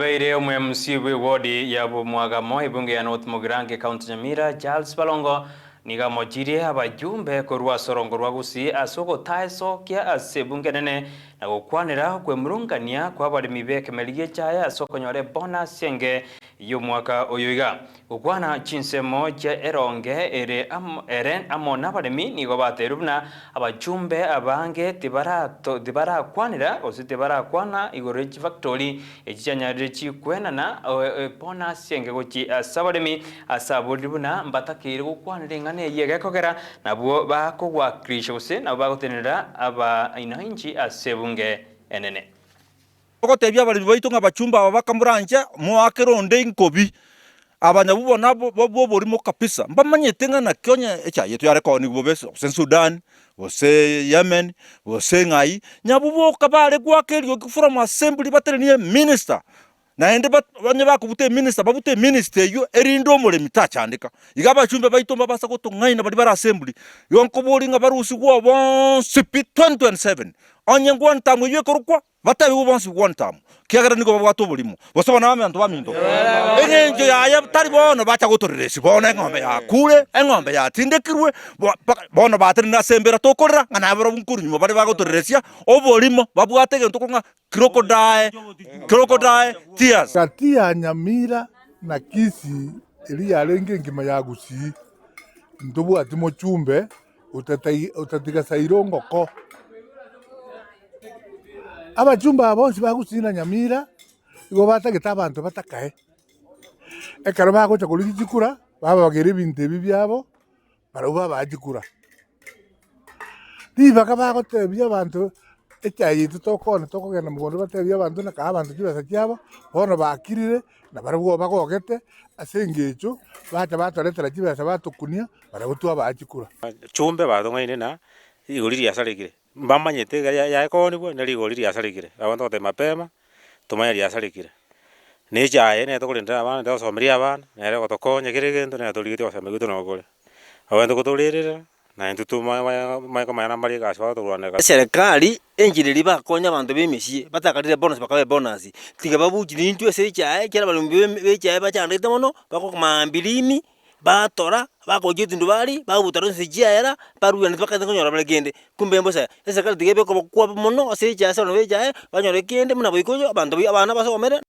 Veire omwe msibu wodi ya bumwagamo ibunge ya North Mugirange county Nyamira Charles Balongo nigamojire abajumbe korwa sorongo rwa gusi ase ogotaesokia kia ebunge nene na gokwanera kwemurungania kwa abaremi ba ekemeri chaya echae nyore bona senge yu mwaka oyo iga gokwana chinsemo chia eronge ere am, ere amo na abaremi nigo batere buna abajumbe abange tibarakwanera gose tibarakwana igoro ya chifactori echi chianyarire chikwenana ebonus enge gochi ase abaremi ase aboriri buna mbatakeire gokwanera eng'ana Tanzania yegekokera nabo bakogwakrisha gose nabo bagotenerera abainahinji ase ebunge enene ogotebia abaremi baito ng'a abachumba aba bakamoranche moakere onde inkobi abanyabu bona bwa oborimo kabisa mbamanyete ng'a naki onye echa yetu yarekoni bobe gose sudan gose yemen gose ng'ai nyabu boka baregwakerio from assembly baterenie minister naende banye bakobute eminister babute eminister eywo erinde omoremi tachandeka iga abachumbe baito mbabasa gotong'aina bari bara assembly igo nkoboria ng'a barusi gwa obonsi twenty 2027 onye ngwantamu ekorokwa kurukwa batabi bonsi ngwantamu kiagera niko babwatu burimu bosoba na abantu bamindo enyenjo yaye tari bono bacha guturirisi bono eng'ombe yakure eng'ombe yatindekirwe bono batiri nasembera tukurira ng'ana bunkuru bunkurunyuma bari baguturirisia oborimo babwate egento kong'a crocodile crocodile tears kati ya nyamira na kisi eri yarenge engima ngima ya gusii ntobwati mochumbe utatigasaira ongoko abajumba abo bonsi bagusina nyamira igo batagete abanto batakae ekero bagocha korigijikura babagera ebinto ebi byabo barau babajikura ribaka bagotebia abanto echai yaitu tokona tokogenda mogondo batebia abanto naka abanto chibesa chiabo bono bakirire na barau bagogete ase engecho bacha batwaretera chibesa batokunia barau twabajikura chumbe bathong'aine na igori riasarekire mamanyite yaekorwo niguo nä rigori riacarä kire abantote mapema tumanye riacarä nä njaä abana nä abana nere gå tåkonye kä rä gä ntå nä tå rigä tågocame gitå na gå kå rä na mari gacwa turaneka serikali enjiriri bakonya bantu bemishie batakarire bonus bakabe bonus tiga babujiri ase sechae kera balumbi bechae bachandete mono bako kumambilimi batora bakogia etindu baria babutarwa ense chiaera barugerani bakaansa konyora bare kende kumbe embusa eserikali tiga ebe ekoba kwaba mono ase echiase no ba echiaye banyora ekende muna boikoyo abanto abana basomere.